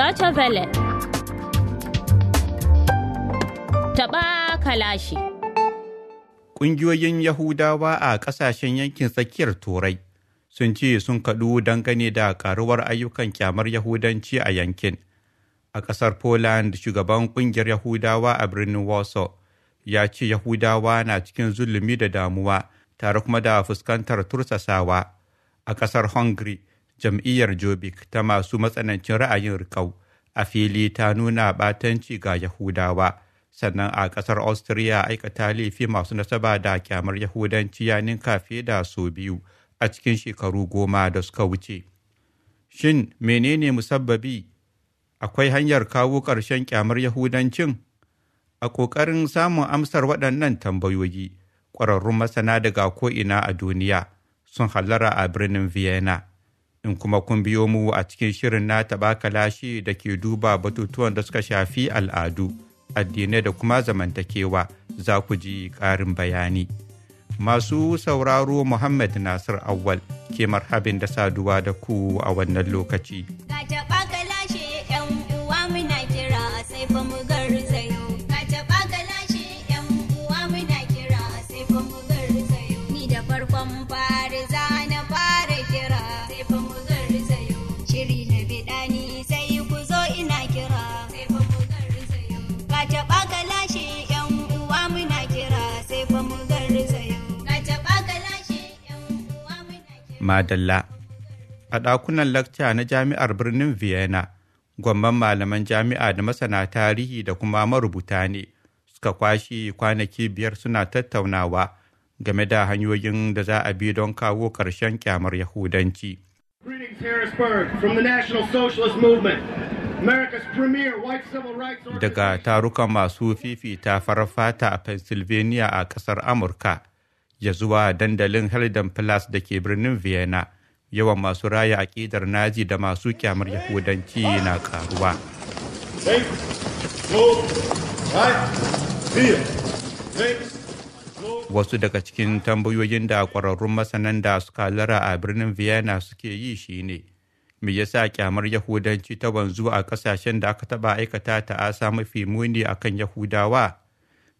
Deutsche Welle. Taɓa kalashi. Ƙungiyoyin Yahudawa a ƙasashen yankin tsakiyar Turai sun ce sun kaɗu dangane da ƙaruwar ayyukan kyamar Yahudanci a yankin. A ƙasar Poland, shugaban ƙungiyar Yahudawa a birnin Warsaw ya ce Yahudawa na cikin zulumi da damuwa tare kuma da fuskantar tursasawa. A ƙasar Hungary, jam'iyyar Jobik ta masu matsanancin ra'ayin rikau a fili ta nuna batanci ga Yahudawa, sannan a ƙasar Austria aikata laifi masu nasaba da kyamar Yahudanci ya ninka fiye da sau biyu a cikin shekaru goma da suka wuce. Shin menene musabbabi? Akwai hanyar kawo ƙarshen kyamar Yahudancin? A ƙoƙarin samun amsar waɗannan tambayoyi, ƙwararrun masana daga ko'ina a duniya sun hallara a birnin Vienna. in kuma kun biyo mu a cikin shirin na tabakalashi da ke duba batutuwan da suka shafi al'adu addinai da kuma zamantakewa za ku ji ƙarin bayani masu sauraro muhammad nasir awwal ke marhabin da saduwa da ku a wannan lokaci madalla a ɗakunan lakca na jami'ar birnin vienna gwamman malaman jami'a da masana tarihi da kuma marubuta ne suka kwashi kwanaki biyar suna tattaunawa game da hanyoyin da za a bi don kawo ƙarshen kyamar yahudanci. Daga tarukan masu fifita farar fata a Pennsylvania a ƙasar Amurka, ya zuwa dandalin Helden Plus da ke birnin Vienna. Yawan masu raya aƙidar Nazi da masu kyamar Yahudanci na ƙaruwa. Wasu daga cikin tambayoyin da ƙwararrun masanan da suka lara a birnin Vienna suke yi shi ne, me ya sa kyamar Yahudanci ta wanzu a ƙasashen da aka taɓa aikata ta asa mafi muni akan Yahudawa,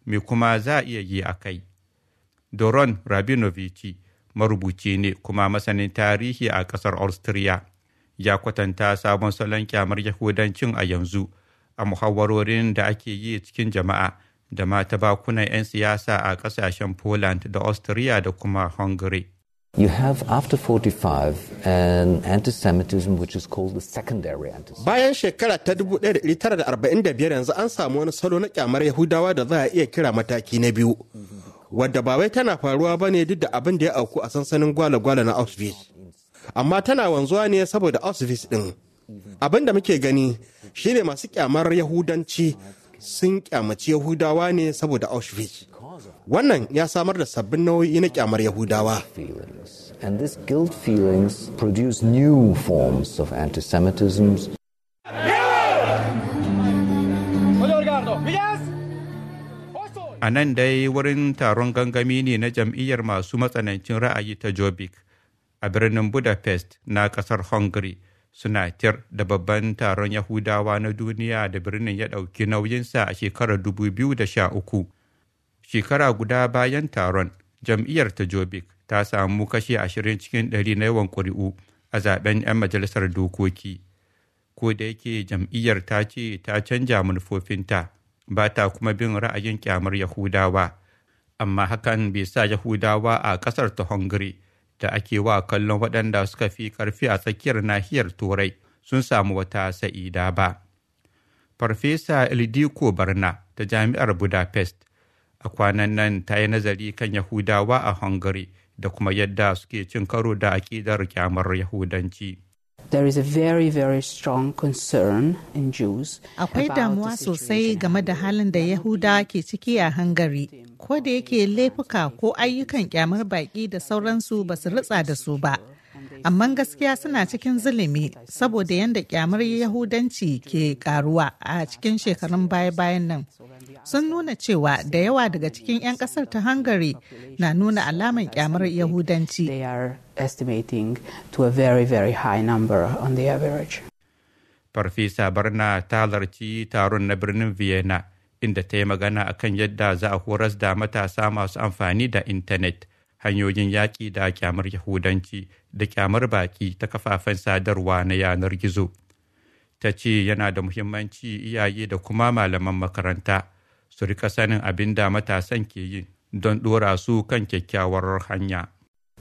me kuma za a iya yi a kai. Doron Rabinovici marubuci ne kuma masanin tarihi a ƙasar Austria. Ya kwatanta sabon salon kyamar Yahudancin a yanzu a muhawarorin da ake yi cikin jama'a da mata bakunan 'yan siyasa a ƙasashen Poland da Austria da kuma Hungary. You have after 45 an antisemitism which is called the secondary antisemitism. Bayan shekara ta 1945 yanzu an samu wani salo na kyamar Yahudawa da za a iya kira mataki na biyu. wadda ba wai tana faruwa ba ne duk da abin da ya auku a sansanin gwale-gwale na Auschwitz. Amma tana wanzuwa ne saboda Auschwitz ɗin. Abin da muke gani shine masu kyamar Yahudanci sun kyamaci Yahudawa ne saboda Auschwitz. Wannan ya samar da sabbin nau'i na kyamar Yahudawa. And these guilt feelings produce new forms of antisemitisms. a nan dai wurin taron gangami ne na jam'iyyar masu matsanancin ra'ayi ta Jobik, a birnin budapest na kasar hungary suna tir da babban taron yahudawa na duniya da birnin ya ɗauki nauyinsa a shekarar 2013 shekara guda bayan taron jam'iyyar ta Jobik ta samu kashe 20 cikin 100 na yawan ƙuri'u a zaben 'yan majalisar dokoki ko da yake jam'iyyar ta ce ta canja manufofinta ba ta kuma bin ra'ayin kyamar Yahudawa, amma hakan bai sa Yahudawa a ƙasar ta Hungary da ake wa kallon waɗanda suka fi ƙarfi a tsakiyar nahiyar Turai sun samu wata sa'ida ba. Farfesa Ildiko Barna ta Jami'ar Budapest a kwanan nan ta yi nazari kan Yahudawa a Hungary da kuma yadda suke cin karo da aƙidar kyamar Yahudanci. there is a very very strong concern in Jews. Akwai damuwa sosai game da halin da Yahuda ke ciki a Hungary. Ko da yake laifuka ko ayyukan kyamar baki da sauransu ba su ritsa da su ba. amma gaskiya suna cikin zulumi saboda yadda kyamar yahudanci ke karuwa a cikin shekarun baya-bayan nan sun nuna cewa da yawa daga cikin 'yan kasar ta hungary na nuna alamar kyamar yahudanci farfesa barna ta halarci taron na birnin vienna inda ta yi magana akan yadda za a horas da matasa masu amfani da intanet hanyoyin yaƙi da kyamar yahudanci da kyamar baƙi ta kafafen sadarwa na yanar gizo ta ce yana da muhimmanci iyaye da kuma malaman makaranta su rika sanin abin da matasan ke yi don ɗora su kan kyakkyawar hanya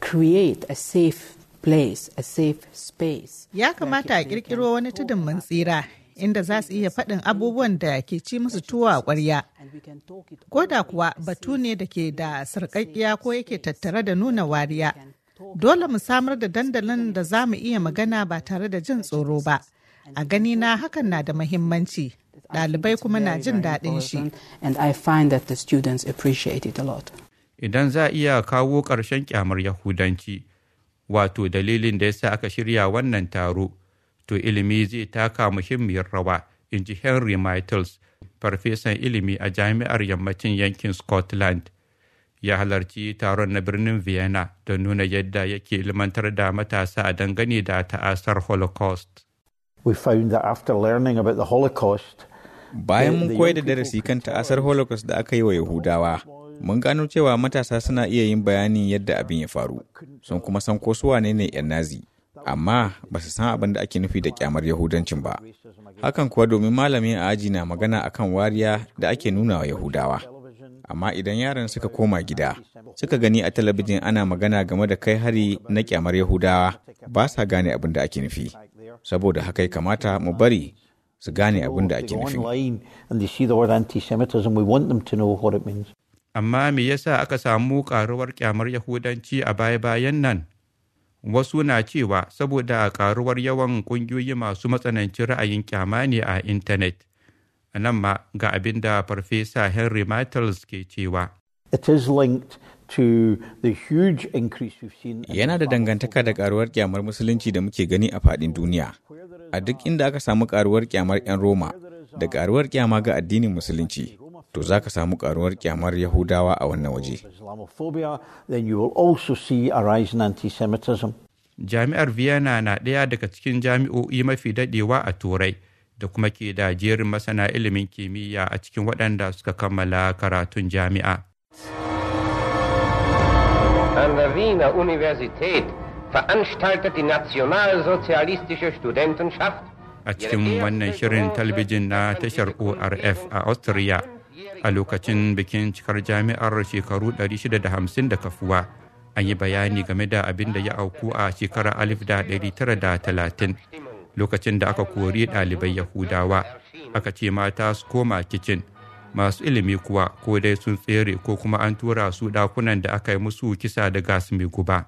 create a safe place a safe space ya kamata a ƙirƙiro wani tudun mun tsira inda za su iya faɗin abubuwan da ke ci musu tuwa a ƙwarya. Koda kuwa batu ne da ke da sarƙaƙiya ko yake tattare da nuna wariya. Dole mu samar da dandalin da za mu iya magana ba tare da jin tsoro ba. A gani na hakan na da mahimmanci. Ɗalibai kuma na jin daɗin shi. Idan za a iya kawo ƙarshen ƙyamar Yahudanci, wato dalilin da ya sa aka shirya wannan taro. to ilimi zai taka muhimmiyar rawa in ji henry michaels farfesan ilimi a jami'ar yammacin yankin scotland ya halarci taron na birnin vienna da nuna yadda yake ilmantar da matasa a dangane da ta'asar holocaust we found that after learning about the holocaust bayan mun koyar da darasi kan ta'asar holocaust da aka yi wa yahudawa mun gano cewa matasa suna iya yin bayanin yadda abin ya faru sun kuma san ko su wane ne yan nazi amma ba su san abin da ake nufi da kyamar yahudancin ba hakan kuwa domin malamin a aji na magana akan wariya da ake nuna wa yahudawa amma idan yaran suka koma gida suka gani a talabijin ana magana game da kai hari na kyamar yahudawa ba sa gane abin da ake nufi saboda haka kamata mu bari su gane abin da ake nufi amma me yasa aka samu karuwar kyamar yahudanci a baya-bayan nan wasu na cewa saboda karuwar yawan kungiyoyi masu matsanancin ra'ayin kyama ne a intanet nan ma ga abin da farfesa henry martels ke cewa Yana da dangantaka da karuwar kyamar musulunci da muke gani a fadin duniya. A duk inda aka samu karuwar kyamar 'yan Roma da karuwar kyama ga addinin musulunci, to za ka samu karuwar kyamar Yahudawa a wannan waje. Jami'ar Vienna na ɗaya daga cikin jami'o'i mafi daɗewa a Turai da kuma ke da jerin masana ilimin kimiyya a cikin waɗanda suka kammala karatun jami'a. An der Wiener Universität veranstaltet die nationalsozialistische Studentenschaft a cikin wannan shirin talbijin na tashar ORF a Austria. a lokacin bikin cikar jami'ar shekaru 650 da kafuwa an yi bayani game da abin da ya auku a shekara 1930 lokacin da aka kori ɗalibai yahudawa aka ce mata su koma kicin masu ilimi kuwa ko dai sun tsere ko kuma an tura su ɗakunan da aka yi musu kisa da gas mai guba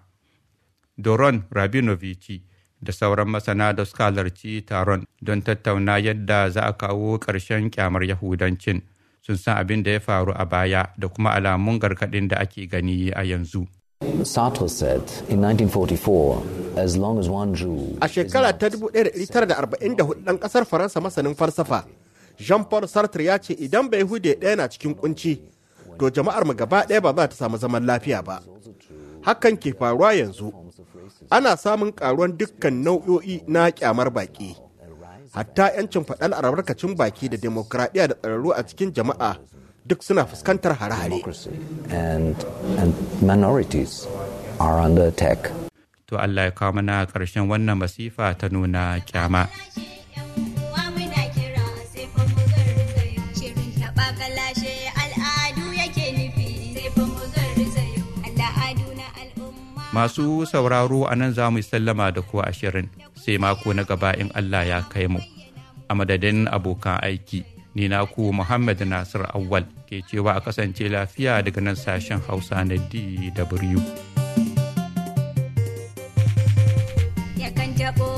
doron rabinovici da sauran masana da suka halarci taron don tattauna yadda za a kawo ƙarshen kyamar yahudancin sun san abin da ya faru a baya da kuma alamun gargaɗin da ake gani a yanzu. Sato said in 1944, as long as one Jew... A shekara ta 1944 ɗan ƙasar Faransa masanin farsafa, Jean-Paul Sartre ya ce idan bai hude ɗaya na cikin kunci, to jama'ar mu gaba ɗaya ba za ta samu zaman lafiya ba. Hakan ke faruwa yanzu, ana samun ƙaruwan dukkan nau'o'i na kyamar baƙi. hatta 'yancin faɗar albarkacin baki da demokradiyya da tsararru a cikin jama'a duk suna fuskantar hare-hare. To Allah ya kawo mana ƙarshen wannan masifa ta nuna kyama. Masu sauraro a nan za mu sallama da kuwa ashirin sai mako na gaba in Allah ya kai mu. A madadin abokan aiki, ni na ku Muhammad Nasir Awal ke cewa a kasance lafiya daga nan sashen Hausa na DW. Yakan